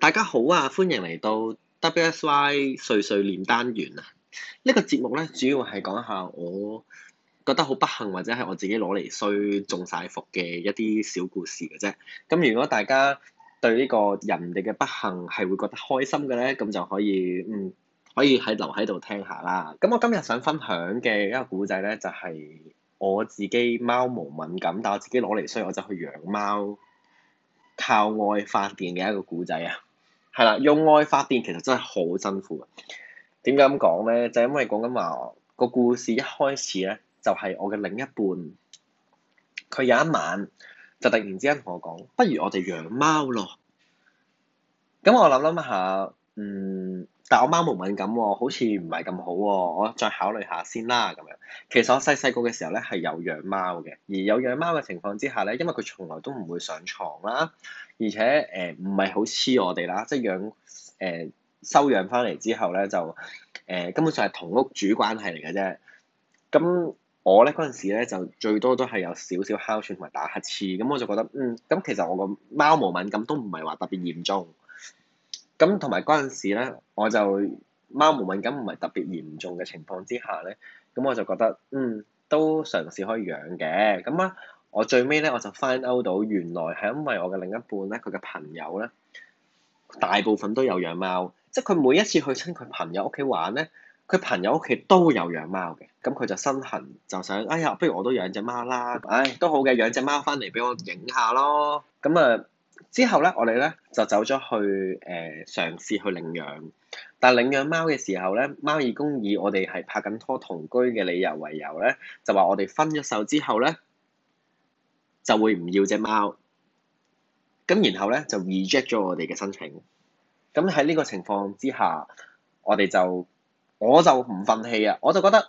大家好啊，歡迎嚟到 W S Y 碎碎念單元啊！呢、這個節目咧，主要係講下我覺得好不幸或者係我自己攞嚟衰中晒伏嘅一啲小故事嘅啫。咁如果大家對呢個人哋嘅不幸係會覺得開心嘅咧，咁就可以嗯，可以喺留喺度聽下啦。咁我今日想分享嘅一個古仔咧，就係、是、我自己貓毛敏感，但我自己攞嚟衰，我就去養貓。靠愛發電嘅一個古仔啊，係啦，用愛發電其實真係好辛苦嘅。點解咁講咧？就係因為講緊話個故事一開始咧，就係我嘅另一半，佢有一晚就突然之間同我講，不如我哋養貓咯。咁我諗諗下，嗯。但我貓毛敏感喎、哦，好似唔係咁好喎、哦，我再考慮下先啦咁樣。其實我細細個嘅時候咧係有養貓嘅，而有養貓嘅情況之下咧，因為佢從來都唔會上床啦，而且誒唔係好黐我哋啦，即係養誒、呃、收養翻嚟之後咧就誒、呃、根本上係同屋主關係嚟嘅啫。咁我咧嗰陣時咧就最多都係有少少哮喘同埋打乞嗤，咁我就覺得嗯，咁其實我個貓毛敏感都唔係話特別嚴重。咁同埋嗰陣時咧，我就貓毛敏感唔係特別嚴重嘅情況之下咧，咁我就覺得，嗯，都嘗試可以養嘅。咁啊，我最尾咧我就 find out 到，原來係因為我嘅另一半咧，佢嘅朋友咧，大部分都有養貓，即係佢每一次去親佢朋友屋企玩咧，佢朋友屋企都有養貓嘅，咁佢就身痕就想，哎呀，不如我都養隻貓啦，唉、哎，都好嘅，養隻貓翻嚟俾我影下咯，咁啊～之後咧，我哋咧就走咗去誒、呃、嘗試去領養，但領養貓嘅時候咧，貓義工以我哋係拍緊拖同居嘅理由為由咧，就話我哋分咗手之後咧就會唔要隻貓。咁然後咧就 reject 咗我哋嘅申請。咁喺呢個情況之下，我哋就我就唔忿氣啊！我就覺得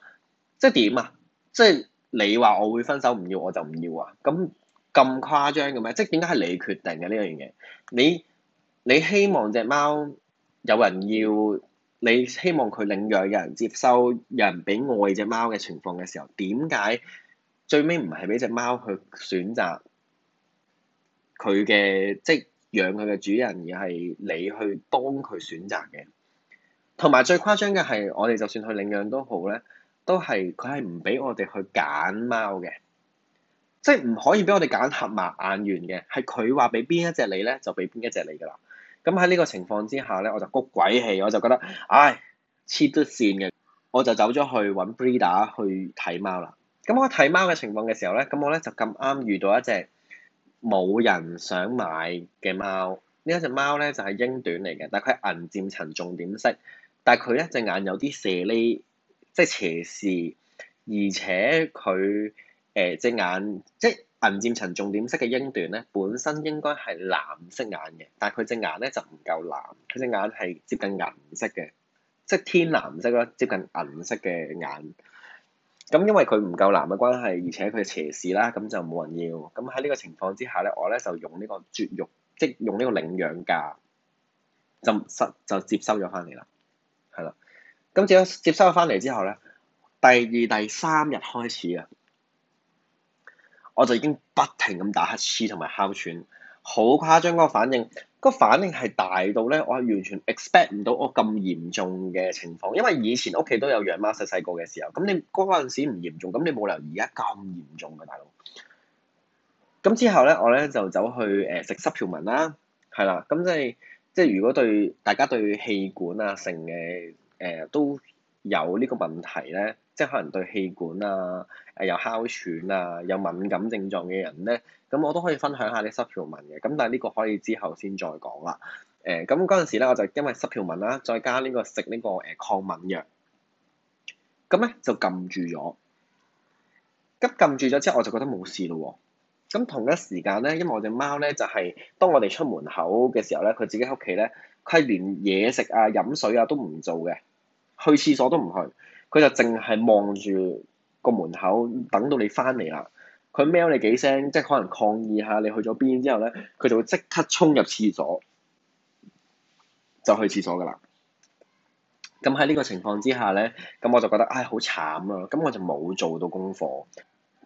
即係點啊？即係你話我會分手唔要，我就唔要啊！咁。咁誇張嘅咩？即係點解係你決定嘅呢樣嘢？你你希望隻貓有人要，你希望佢領養有人接收，有人俾愛隻貓嘅情況嘅時候，點解最尾唔係俾隻貓去選擇佢嘅，即係養佢嘅主人，而係你去幫佢選擇嘅。同埋最誇張嘅係，我哋就算去領養都好咧，都係佢係唔俾我哋去揀貓嘅。即係唔可以俾我哋揀合埋眼緣嘅，係佢話俾邊一隻你咧，就俾邊一隻你㗎啦。咁喺呢個情況之下咧，我就谷鬼氣，我就覺得唉黐咗線嘅，我就走咗去揾 breeder 去睇貓啦。咁我睇貓嘅情況嘅時候咧，咁我咧就咁啱遇到一隻冇人想買嘅貓。呢一隻貓咧就係、是、英短嚟嘅，但係佢係銀漸層重點色，但係佢一隻眼有啲蛇脷，即係斜視，而且佢。誒隻、呃、眼即係銀漸層重點色嘅英短咧，本身應該係藍色眼嘅，但係佢隻眼咧就唔夠藍，佢隻眼係接近銀色嘅，即天藍色啦，接近銀色嘅眼。咁、嗯、因為佢唔夠藍嘅關係，而且佢斜視啦，咁就冇人要。咁喺呢個情況之下咧，我咧就用呢個絕育，即用呢個領養價，就收就接收咗翻嚟啦。係啦，咁、嗯、接接收翻嚟之後咧，第二第三日開始啊。我就已經不停咁打乞嗤同埋哮喘，好誇張嗰反應。嗰反應係大到咧，我係完全 expect 唔到我咁嚴重嘅情況。因為以前屋企都有養貓，細細個嘅時候，咁你嗰陣時唔嚴重，咁你冇理由而家咁嚴重㗎，大佬。咁之後咧，我咧就走去誒食濕條文啦，係啦。咁即係即係，如果對大家對氣管啊成嘅誒都有呢個問題咧。即係可能對氣管啊、誒有哮喘啊、有敏感症狀嘅人咧，咁我都可以分享下啲濕條紋嘅，咁但係呢個可以之後先再講啦。誒、呃，咁嗰陣時咧，我就因為濕條紋啦，再加呢、這個食呢、這個誒、呃、抗敏藥，咁咧就撳住咗。咁撳住咗之後，我就覺得冇事咯喎、哦。咁同一時間咧，因為我隻貓咧就係、是、當我哋出門口嘅時候咧，佢自己喺屋企咧，佢係連嘢食啊、飲水啊都唔做嘅，去廁所都唔去。佢就淨係望住個門口，等到你翻嚟啦。佢喵你幾聲，即係可能抗議下你去咗邊。之後咧，佢就會即刻衝入廁所，就去廁所噶啦。咁喺呢個情況之下咧，咁我就覺得唉，好慘啊！咁我就冇做到功課。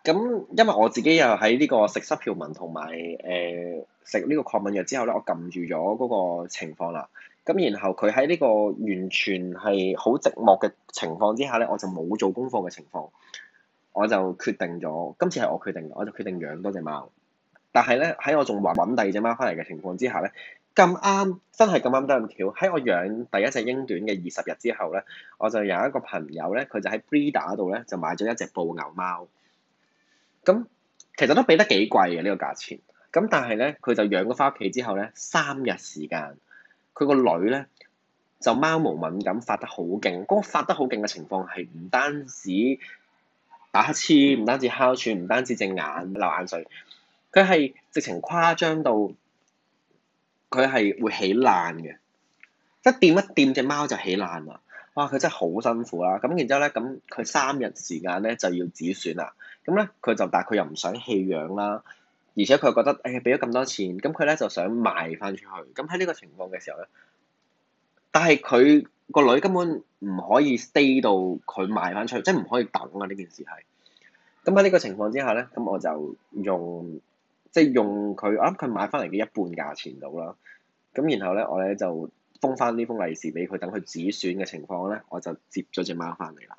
咁因為我自己又喺呢個食濕條文同埋誒食呢個抗敏藥之後咧，我撳住咗嗰個情況啦。咁，然後佢喺呢個完全係好寂寞嘅情況之下咧，我就冇做功課嘅情況，我就決定咗今次係我決定，我就決定養多隻貓。但係咧，喺我仲揾揾第二隻貓翻嚟嘅情況之下咧，咁啱真係咁啱得咁巧，喺我養第一隻英短嘅二十日之後咧，我就有一個朋友咧，佢就喺 breeder 度咧就買咗一隻布偶貓。咁、嗯、其實都俾得幾貴嘅呢個價錢，咁、嗯、但係咧，佢就養咗翻屋企之後咧，三日時間。佢個女咧就貓毛敏感發得好勁，個發得好勁嘅情況係唔單止打乞嗤，唔單止哮喘，唔單止隻眼流眼水，佢係直情誇張到佢係會起爛嘅，一掂一掂隻貓就起爛啦，哇！佢真係好辛苦啦，咁然之後咧，咁佢三日時間咧就要止損啦，咁咧佢就但係佢又唔想棄養啦。而且佢覺得，哎、欸，俾咗咁多錢，咁佢咧就想賣翻出去。咁喺呢個情況嘅時候咧，但係佢個女根本唔可以 stay 到佢賣翻出去，即係唔可以等啊！呢件事係，咁喺呢個情況之下咧，咁我就用，即係用佢啱佢買翻嚟嘅一半價錢到啦。咁然後咧，我咧就封翻呢封利是俾佢，等佢止損嘅情況咧，我就接咗隻貓翻嚟啦。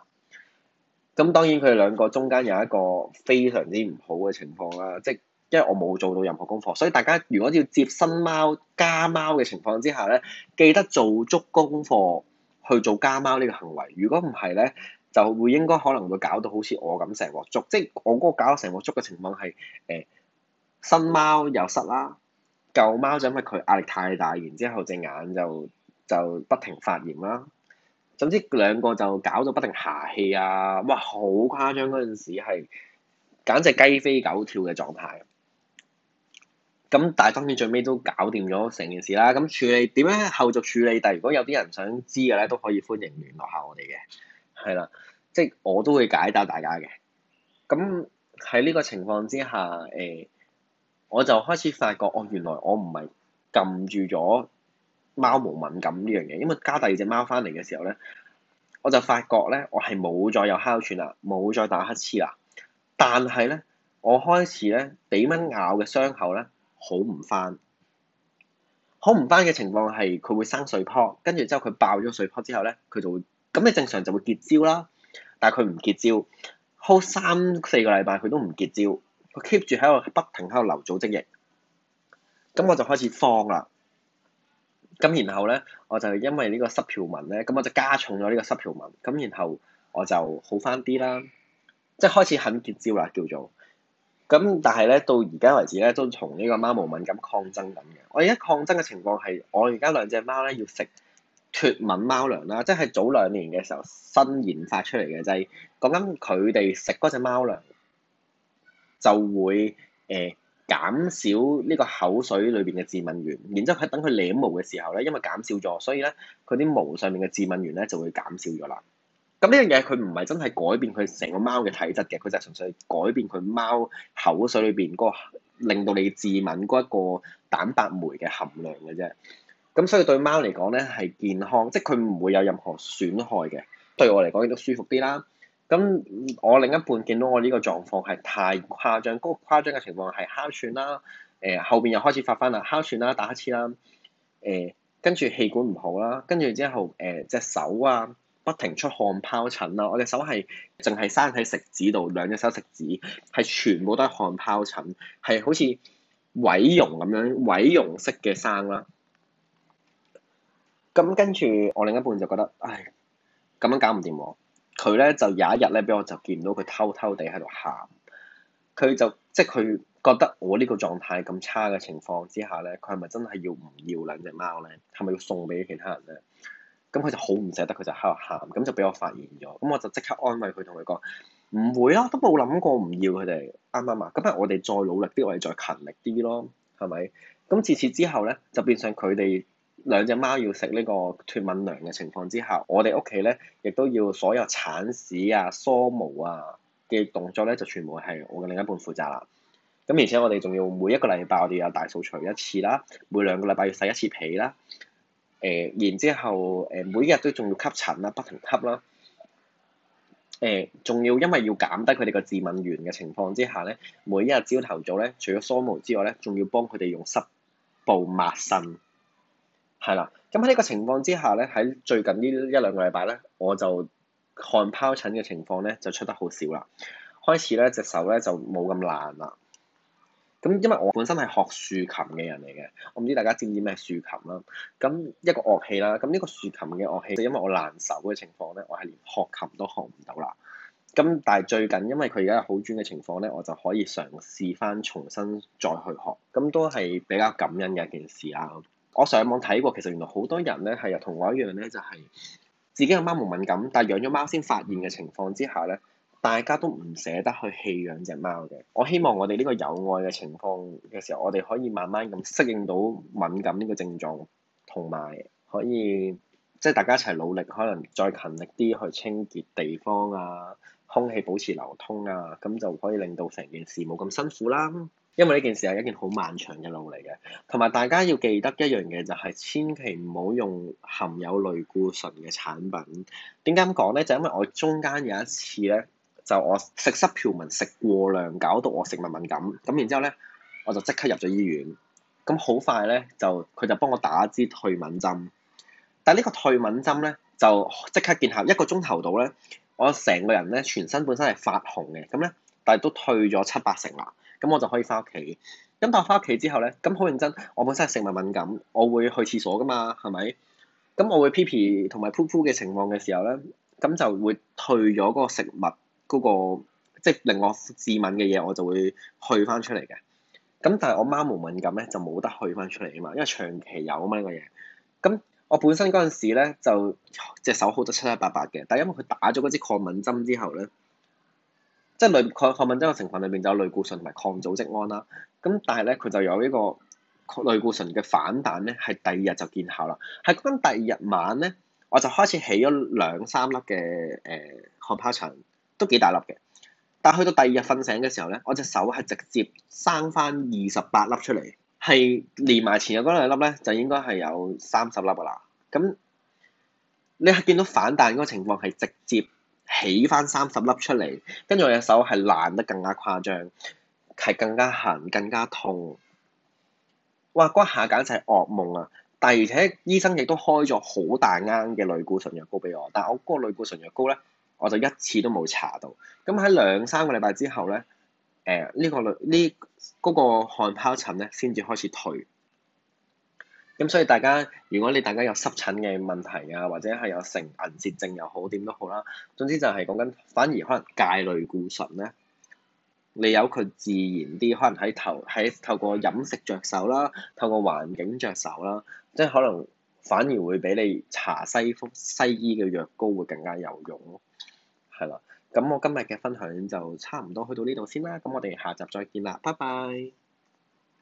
咁當然佢哋兩個中間有一個非常之唔好嘅情況啦，即係。因為我冇做到任何功課，所以大家如果要接新貓加貓嘅情況之下咧，記得做足功課去做加貓呢個行為。如果唔係咧，就會應該可能會搞到好似我咁成鑊粥，即係我嗰個搞成鑊粥嘅情況係誒、欸、新貓又失啦，舊貓就因為佢壓力太大，然之後隻眼就就不停發炎啦，總之，兩個就搞到不停牙氣啊！哇，好誇張，嗰陣時係簡直雞飛狗跳嘅狀態。咁大，但當然最尾都搞掂咗成件事啦。咁處理點樣後續處理？但係如果有啲人想知嘅咧，都可以歡迎聯絡下我哋嘅係啦。即係我都會解答大家嘅。咁喺呢個情況之下，誒、欸、我就開始發覺，哦，原來我唔係撳住咗貓毛敏感呢樣嘢，因為加第二隻貓翻嚟嘅時候咧，我就發覺咧，我係冇再有哮喘啦，冇再打乞嗤啦。但係咧，我開始咧俾蚊咬嘅傷口咧。好唔翻，好唔翻嘅情況係佢會生水泡，跟住之後佢爆咗水泡之後咧，佢就會咁，你正常就會結焦啦，但係佢唔結焦，hold 三四個禮拜佢都唔結焦，佢 keep 住喺度不停喺度流組織液，咁我就開始慌啦，咁然後咧我就因為呢個濕條紋咧，咁我就加重咗呢個濕條紋，咁然後我就好翻啲啦，即係開始肯結焦啦叫做。咁但係咧，到而家為止咧，都同呢個貓毛敏感抗爭緊嘅。我而家抗爭嘅情況係，我而家兩隻貓咧要食脱敏貓糧啦，即係早兩年嘅時候新研發出嚟嘅，就係、是、講緊佢哋食嗰隻貓糧就會誒、呃、減少呢個口水裏邊嘅致敏源。然之後佢等佢舐毛嘅時候咧，因為減少咗，所以咧佢啲毛上面嘅致敏源咧就會減少咗啦。咁呢樣嘢佢唔係真係改變佢成個貓嘅體質嘅，佢就係純粹改變佢貓口水裏邊嗰個令到你致敏嗰一個蛋白酶嘅含量嘅啫。咁所以對貓嚟講咧係健康，即係佢唔會有任何損害嘅。對我嚟講亦都舒服啲啦。咁我另一半見到我呢個狀況係太誇張，嗰個誇張嘅情況係哮喘啦，誒後邊又開始發翻啦，哮喘啦打乞嗤啦，誒跟住氣管唔好啦，跟住之後誒隻手啊。不停出汗疱疹啦！我隻手係淨係生喺食指度，兩隻手食指係全部都係汗疱疹，係好似毀容咁樣毀容式嘅生啦。咁跟住我另一半就覺得，唉，咁樣搞唔掂喎。佢咧就有一日咧，俾我就見到佢偷偷地喺度喊。佢就即係佢覺得我呢個狀態咁差嘅情況之下咧，佢係咪真係要唔要兩隻貓咧？係咪要送俾其他人咧？咁佢就好唔捨得，佢就喺度喊，咁就俾我發現咗。咁我就即刻安慰佢，同佢講唔會啦、啊，都冇諗過唔要佢哋，啱唔啱啊？咁誒、啊，我哋再努力啲，我哋再勤力啲咯，係咪？咁自此之後咧，就變成佢哋兩隻貓要食呢個脫敏糧嘅情況之下，我哋屋企咧亦都要所有鏟屎啊、梳毛啊嘅動作咧，就全部係我嘅另一半負責啦。咁而且我哋仲要每一個禮拜我哋有大掃除一次啦，每兩個禮拜要洗一次被啦。誒，然之後，誒，每日都仲要吸塵啦，不停吸啦。誒、呃，仲要因為要減低佢哋個致敏源嘅情況之下咧，每一日朝頭早咧，除咗梳毛之外咧，仲要幫佢哋用濕布抹身，係啦。咁喺呢個情況之下咧，喺最近呢一兩個禮拜咧，我就汗疱疹嘅情況咧就出得好少啦。開始咧隻手咧就冇咁爛啦。咁因為我本身係學豎琴嘅人嚟嘅，我唔知大家知唔知咩豎琴啦。咁一個樂器啦，咁呢個豎琴嘅樂器，因為我難受嘅情況咧，我係連學琴都學唔到啦。咁但係最近因為佢而家有好轉嘅情況咧，我就可以嘗試返重新再去學，咁都係比較感恩嘅一件事啊。我上網睇過，其實原來好多人咧係又同我一樣咧，就係、是、自己嘅貓毛敏感，但係養咗貓先發現嘅情況之下咧。大家都唔捨得去棄養隻貓嘅，我希望我哋呢個有愛嘅情況嘅時候，我哋可以慢慢咁適應到敏感呢個症狀，同埋可以即係、就是、大家一齊努力，可能再勤力啲去清潔地方啊，空氣保持流通啊，咁就可以令到成件事冇咁辛苦啦。因為呢件事係一件好漫長嘅路嚟嘅，同埋大家要記得一樣嘢就係千祈唔好用含有類固醇嘅產品。點解咁講呢？就因為我中間有一次呢。就我食濕條文食過量，搞到我食物敏感咁，然之後咧我就即刻入咗醫院。咁好快咧就佢就幫我打一支退敏針。但係呢個退敏針咧就即刻見效，一個鐘頭到咧，我成個人咧全身本身係發紅嘅咁咧，但係都退咗七八成啦。咁我就可以翻屋企。咁但係翻屋企之後咧，咁好認真，我本身係食物敏感，我會去廁所㗎嘛係咪？咁我會 p p 同埋噗噗嘅情況嘅時候咧，咁就會退咗嗰個食物。嗰、嗰個、即係令我致敏嘅嘢，我就會去翻出嚟嘅。咁但係我媽冇敏感咧，就冇得去翻出嚟啊嘛。因為長期有啊嘛，呢個嘢咁我本身嗰陣時咧就隻手好得七七八八嘅，但係因為佢打咗嗰支抗敏針之後咧，即係類抗抗敏針嘅成分裏面就有類固醇同埋抗組織胺啦。咁但係咧佢就有呢個類固醇嘅反彈咧，係第二日就見效啦。係咁，第二日晚咧，我就開始起咗兩三粒嘅誒汗泡疹。呃都幾大粒嘅，但去到第二日瞓醒嘅時候咧，我隻手係直接生翻二十八粒出嚟，係連埋前日嗰兩粒咧，就應該係有三十粒噶啦。咁你係見到反彈嗰個情況係直接起翻三十粒出嚟，跟住我隻手係爛得更加誇張，係更加痕、更加痛。哇！嗰下簡直係噩夢啊！但係而且醫生亦都開咗好大啱嘅類固醇藥膏俾我，但係我嗰個類固醇藥膏咧。我就一次都冇查到，咁喺兩三個禮拜之後咧，誒、呃、呢、這個呢嗰、這個、這個、汗疱疹咧，先至開始退。咁所以大家，如果你大家有濕疹嘅問題啊，或者係有成銀屑症又好，點都好啦、啊。總之就係講緊，反而可能戒類固醇咧，你有佢自然啲，可能喺頭喺透過飲食着手啦，透過環境着手啦，即係可能反而會比你搽西西醫嘅藥膏會更加有用咯。係啦，咁我今日嘅分享就差唔多去到呢度先啦，咁我哋下集再見啦，拜拜。